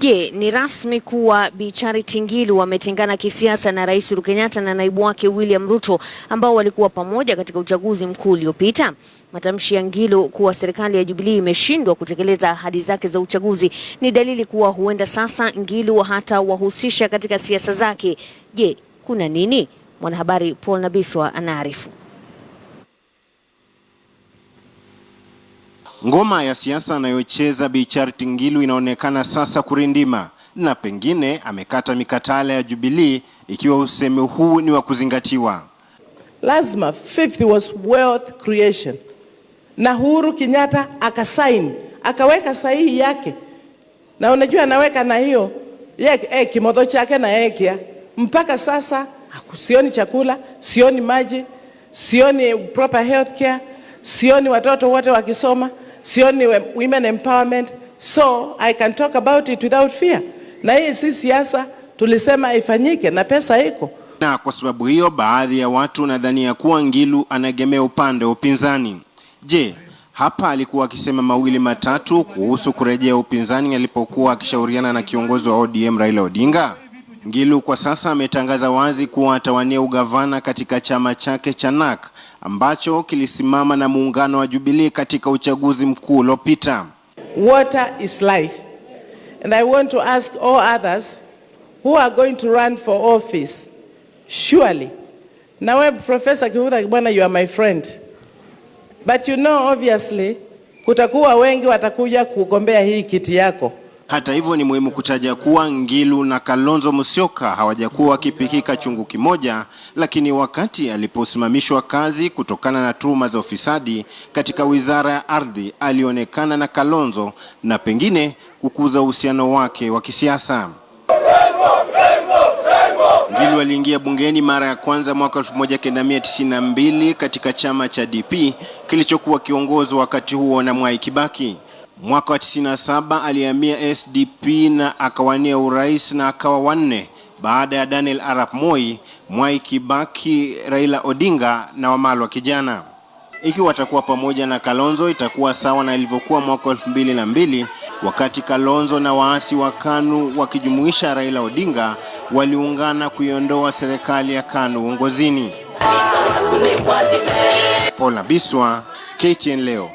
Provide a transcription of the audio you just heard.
Je, ni rasmi kuwa Bi Charity Ngilu wametengana kisiasa na Rais Uhuru Kenyatta na naibu wake William Ruto ambao walikuwa pamoja katika uchaguzi mkuu uliopita? Matamshi ya Ngilu kuwa serikali ya Jubilee imeshindwa kutekeleza ahadi zake za uchaguzi ni dalili kuwa huenda sasa Ngilu hata wahusisha katika siasa zake. Je, kuna nini? Mwanahabari Paul Nabiswa anaarifu. Ngoma ya siasa anayocheza Bi Charity Ngilu inaonekana sasa kurindima na pengine amekata mikatala ya Jubilee ikiwa usemi huu ni wa kuzingatiwa. Lazima fifth was wealth creation. Na Uhuru Kenyatta akasaini, akaweka sahihi yake. Na unajua anaweka na hiyo yeye kimodho chake na yeye mpaka sasa sioni chakula, sioni maji, sioni proper health care, sioni watoto wote wakisoma sioni women empowerment, so I can talk about it without fear. Na hii si siasa, tulisema ifanyike na pesa iko. Na kwa sababu hiyo baadhi ya watu nadhania kuwa Ngilu anaegemea upande wa upinzani. Je, hapa alikuwa akisema mawili matatu kuhusu kurejea upinzani alipokuwa akishauriana na kiongozi wa ODM Raila Odinga? Ngilu kwa sasa ametangaza wazi kuwa atawania ugavana katika chama chake cha NARC ambacho kilisimama na muungano wa Jubilee katika uchaguzi mkuu uliopita. Water is life. And I want to ask all others who are going to run for office. Surely. Na wewe Professor Kivutha Kibwana, you are my friend. But you know obviously kutakuwa wengi watakuja kugombea hii kiti yako. Hata hivyo, ni muhimu kutaja kuwa Ngilu na Kalonzo Musyoka hawajakuwa wakipikika chungu kimoja, lakini wakati aliposimamishwa kazi kutokana na tuhuma za ufisadi katika wizara ya ardhi, alionekana na Kalonzo na pengine kukuza uhusiano wake wa kisiasa. Ngilu aliingia bungeni mara ya kwanza mwaka 1992 katika chama cha DP kilichokuwa kiongozi wakati huo na Mwai Kibaki. Mwaka wa 97 alihamia SDP na akawania urais na akawa wanne baada ya Daniel Arap Moi, Mwai Kibaki, Raila Odinga na Wamalwa kijana. Ikiwa atakuwa pamoja na Kalonzo itakuwa sawa na ilivyokuwa mwaka elfu mbili na mbili wakati Kalonzo na waasi wa KANU wakijumuisha Raila Odinga waliungana kuiondoa serikali ya KANU uongozini. Paul Abiswa, KTN leo.